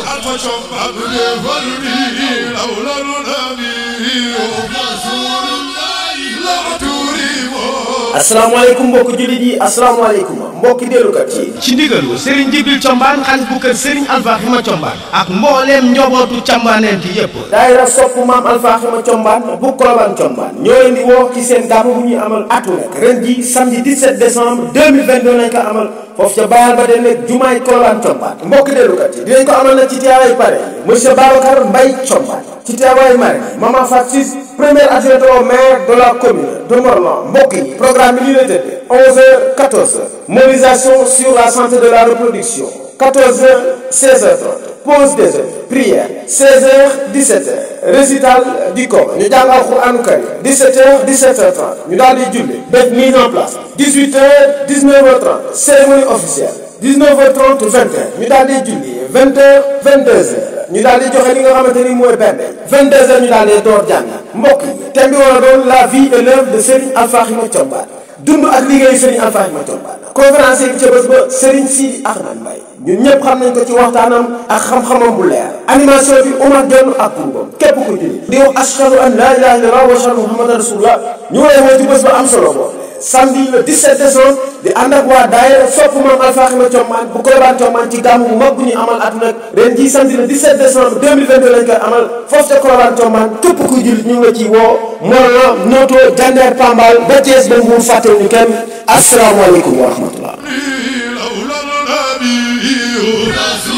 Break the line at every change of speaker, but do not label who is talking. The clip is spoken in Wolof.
الفشم عبد فردي لولا النبي رسول الله لا تريم asalaamaaleykum mbokk jullit yi asalaamaaleykum mbokki dellukat yi ci ndigalu Serigne Jibril Combaan xalif bu kër Serigne Alpha Xima Combaan ak mbooleem njobootu cambaaneen gi yépp daayira sopp maam Alpha Xima Combaan bu Kolobaan Combaan ñoo leen woo ci seen gàmm bu ñuy amal atu nekk ren ji samedi 17 décembre 2022 lañ ko amal foofu ca bayaal ba den nekk jumaay Kolobaan Combaan mbokki dellukat yi dinañ ko amal nag ci teewaay pare monsieur Babacar Mbaye Combaan ci teewaayu maire Maman Fatou Ciss première adjointe au de la commune de Morlan mbokk programme bi lii la tëddee 11h14 mobilisation sur la santé de la reproduction 14h 16h30 pause déjeuner prière 16h 17h récital du corps ñu jàng alxuraanu karim 17h 17h30 ñu daal di julli def mise en place 18h 19h30 cérémonie officielle 19h30 20 ñu daal di joxe li nga xamante ni mooy benn 22h ñu daal di door jàng mbokk yi thème war a doon la vie et l'œuvre de Serigne Alpha Ahmed dund ak liggéeyu Serigne Alpha Ahmed Thiombane conférencier bi ca bés ba Serigne Sidi Ahmed Mbaye ñun ñëpp xam nañ ko ci waxtaanam ak xam-xamam bu leer animation bi Omar Dione ak Koungheul képp ku julli di wax ashhadu an laa ilaaha illallaah wa ashhadu muhammadan rasulullah ñu ngi lay ci bés ba am solo boobu samedi le 17 décembre. di ànd ak waa daayira sopp maam Alpha Xima Thiombane bu Colobane Thiombane ci gàmmu mag bu ñu amal at nag ren jii samedi le 17 décembre 2022 lañ koy amal foofu ca Colobane Thiombane képp kuy jullit ñu ngi la woo Morlan Noto Jandeer Pambal ba Thiès ba Mbuur fàttewu ñu kenn asalaamaaleykum wa rahmatullah